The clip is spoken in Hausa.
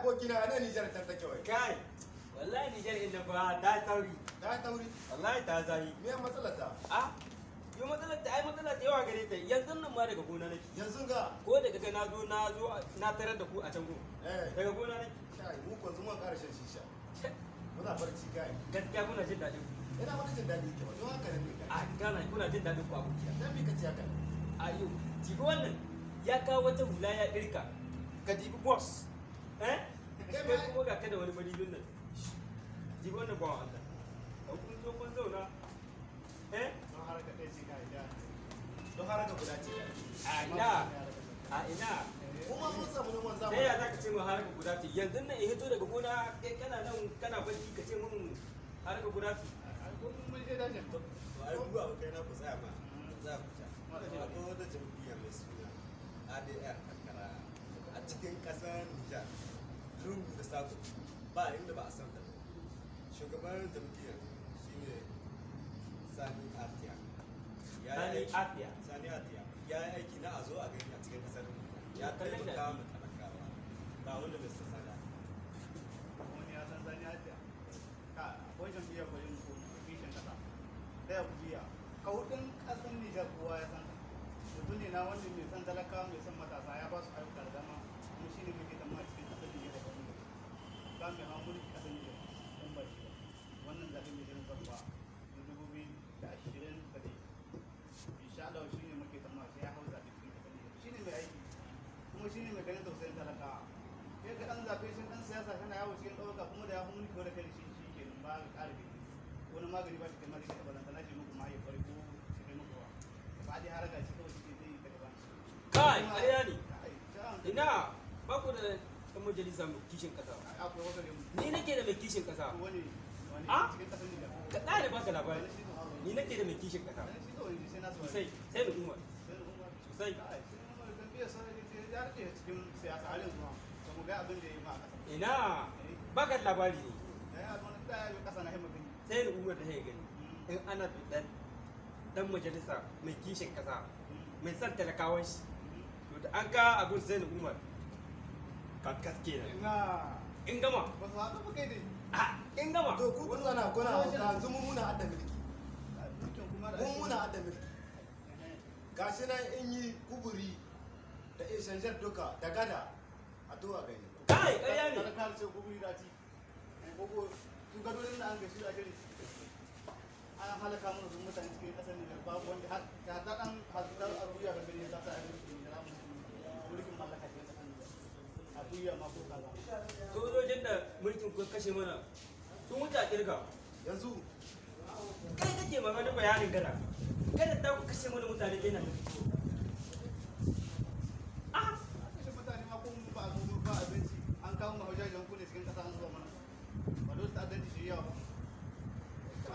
abokina na Nijar ta take wai. Kai. Wallahi Nijar inda ba ta tauri. Ta tauri. Wallahi ta zari. Me matsalar ta? a Yo matsalar ta ai matsalar ta yawa gare ta. Yanzu nan ma daga gona nake. Yanzu ga. Ko daga ga na zo na zo na tarar da ku a can go. Eh. Daga gona nake. Kai mu ko zuma ƙara shan shisha. Muna barci kai. Gaskiya kuna jin daɗin ku. Ina maka jin daɗi ke ba. Don haka ne kai. a kana kuna jin daɗin ku a kuciya. Dan me kace haka? Ayo, jibi wannan ya kawo wata hula ya ɗirka. Ka jibi boss. eh kai kuma ga kada wani madibin nan ji wannan bawan Allah da kun zo kun zauna eh don haraka dai ce k'a ida don haraka guda ce a ina a eh. ina kuma mun samu nan wanzama eh ya ka ce mun haraka guda ce yanzu nan in hito daga gona kai kana nan kana barci ka ce mun haraka guda ce mun mun je dajin to ai duwa kai na ku tsaya ma za ku ta ko da jam'iyya mai suna ADR cikin kasar Nijar lungu da sako ba inda ba a san ta shugaban jam'iyyar Sani Atiya Sani Atiya ya yi aiki na a zo a gani a cikin ƙasar ya taimaka mu talakawa ba wanda bai san wani ya san Sani Atiya ka akwai jam'iyyar ko kishin kasa da ya kujiya kaudin ƙasar Nijar kowa ya san ta mutum ne na wanda mai san talakawa mai san matasa ya ba ba mai hakuri ka sani da sun ba shi wannan jirin na dubu biyu da ashirin da ne insha Allah shi ne muke sai ya hau cikin shi ne mai aiki kuma shi ne mai ganin tausayin kai ɗan shi ɗan siyasa kana yawo cikin ɗauka kuma da ya fi mulki wanda kai shi shi ke nan ba ka ƙara gani wani magani ba shi kai balanta na muku ma ya farko shi kai muku ba ba dai shi kawai shi ke zai yi daga kai ƙarya ne ina ba ku da dan majalisa mai kishin kasa ni nake da mai kishin kasa a ah? ka tsaya ba ka labari ni nake da mai kishin kasa sosai sai da umar sosai ina eh. ba ka labari ne sai da umar da ya gani hmm. in ana dan dan majalisa mai kishin kasa hmm. mai san talakawan shi hmm. to da an ka abin sai da umar ka kaske na in gama ba su haka ba kai dai a ah, in gama to ku kun mun muna adda mulki gashi nan in yi kuburi da ishanjar da gada a towa gani kai ƙarya ne ka ce kuburi da ci gogo tun gado din da an sojojin da mulkin ku kashe mana sun wuce a kirga yanzu kai kake magana bayanin gana kada ta ku kashe mana mutane ɗaya na an kawo mahaujajen ku ne cikin ƙasa an zuwa mana ba dole ta adalci shi yawa